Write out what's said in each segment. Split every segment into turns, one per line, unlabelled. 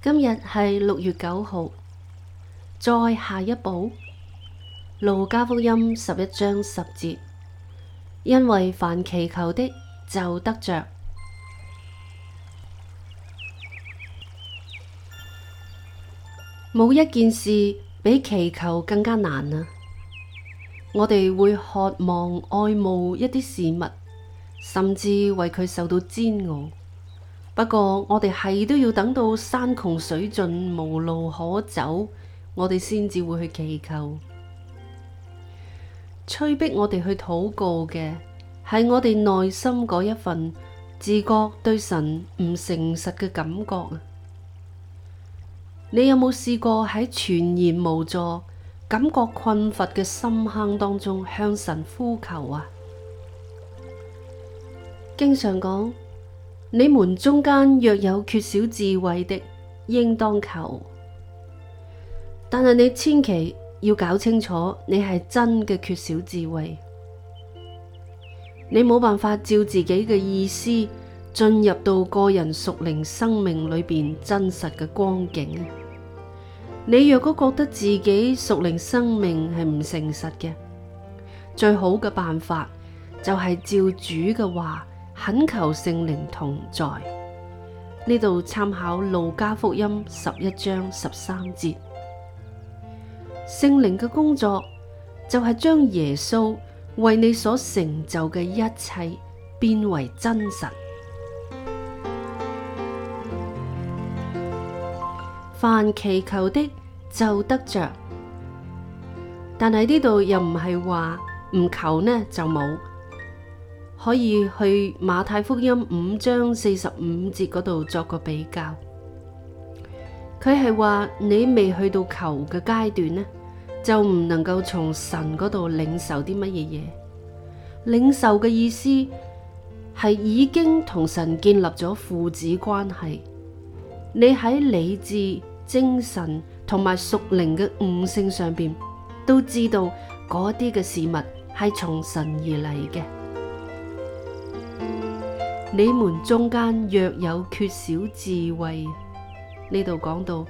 今日係六月九號，再下一步，路加福音十一章十節，因為凡祈求的就得着，冇一件事比祈求更加難啊！我哋會渴望愛慕一啲事物，甚至為佢受到煎熬。不過我哋係都要等到山窮水盡、無路可走，我哋先至會去祈求。催逼我哋去禱告嘅，係我哋內心嗰一份自覺對神唔誠實嘅感覺啊！你有冇試過喺全然無助、感覺困乏嘅深坑當中向神呼求啊？經常講。你們中間若有缺少智慧的，應當求。但係你千祈要搞清楚，你係真嘅缺少智慧，你冇辦法照自己嘅意思進入到個人屬靈生命裏面真實嘅光景。你若果覺得自己屬靈生命係唔誠實嘅，最好嘅辦法就係照主嘅話。懇求聖靈同在呢度，這裡參考路加福音十一章十三節。聖靈嘅工作就係、是、將耶穌為你所成就嘅一切變為真實。凡祈求的就得着，但係呢度又唔係話唔求呢就冇。可以去馬太福音五章四十五節嗰度作個比較。佢係話你未去到求嘅階段呢，就唔能夠從神嗰度領受啲乜嘢嘢。領受嘅意思係已經同神建立咗父子關係。你喺理智、精神同埋屬靈嘅悟性上邊，都知道嗰啲嘅事物係從神而嚟嘅。你們中間若有缺少智慧，呢度講到，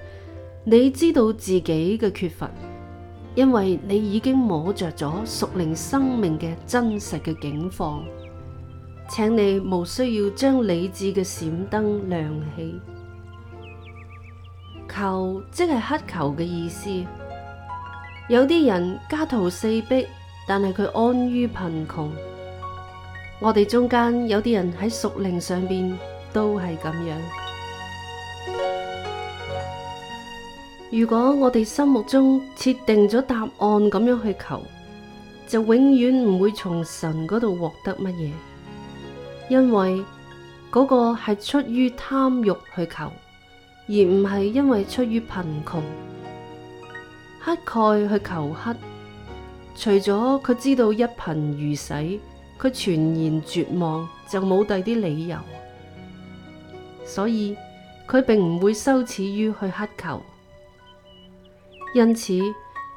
你知道自己嘅缺乏，因為你已經摸着咗屬靈生命嘅真實嘅境況，請你無需要將理智嘅閃燈亮起。求即係乞求嘅意思，有啲人家徒四壁，但係佢安於貧窮。我哋中間有啲人喺屬靈上邊都係咁樣。如果我哋心目中設定咗答案咁樣去求，就永遠唔會從神嗰度獲得乜嘢，因為嗰個係出於貪慾去求，而唔係因為出於貧窮乞丐去求乞，除咗佢知道一貧如洗。佢全然絕望，就冇第啲理由，所以佢並唔會羞恥於去乞求，因此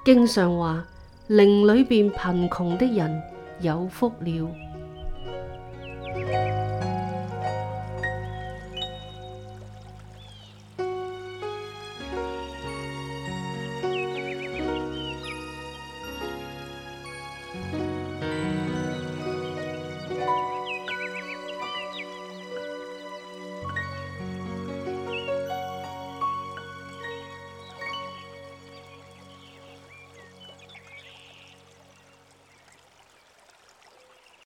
經常話靈裏邊貧窮的人有福了。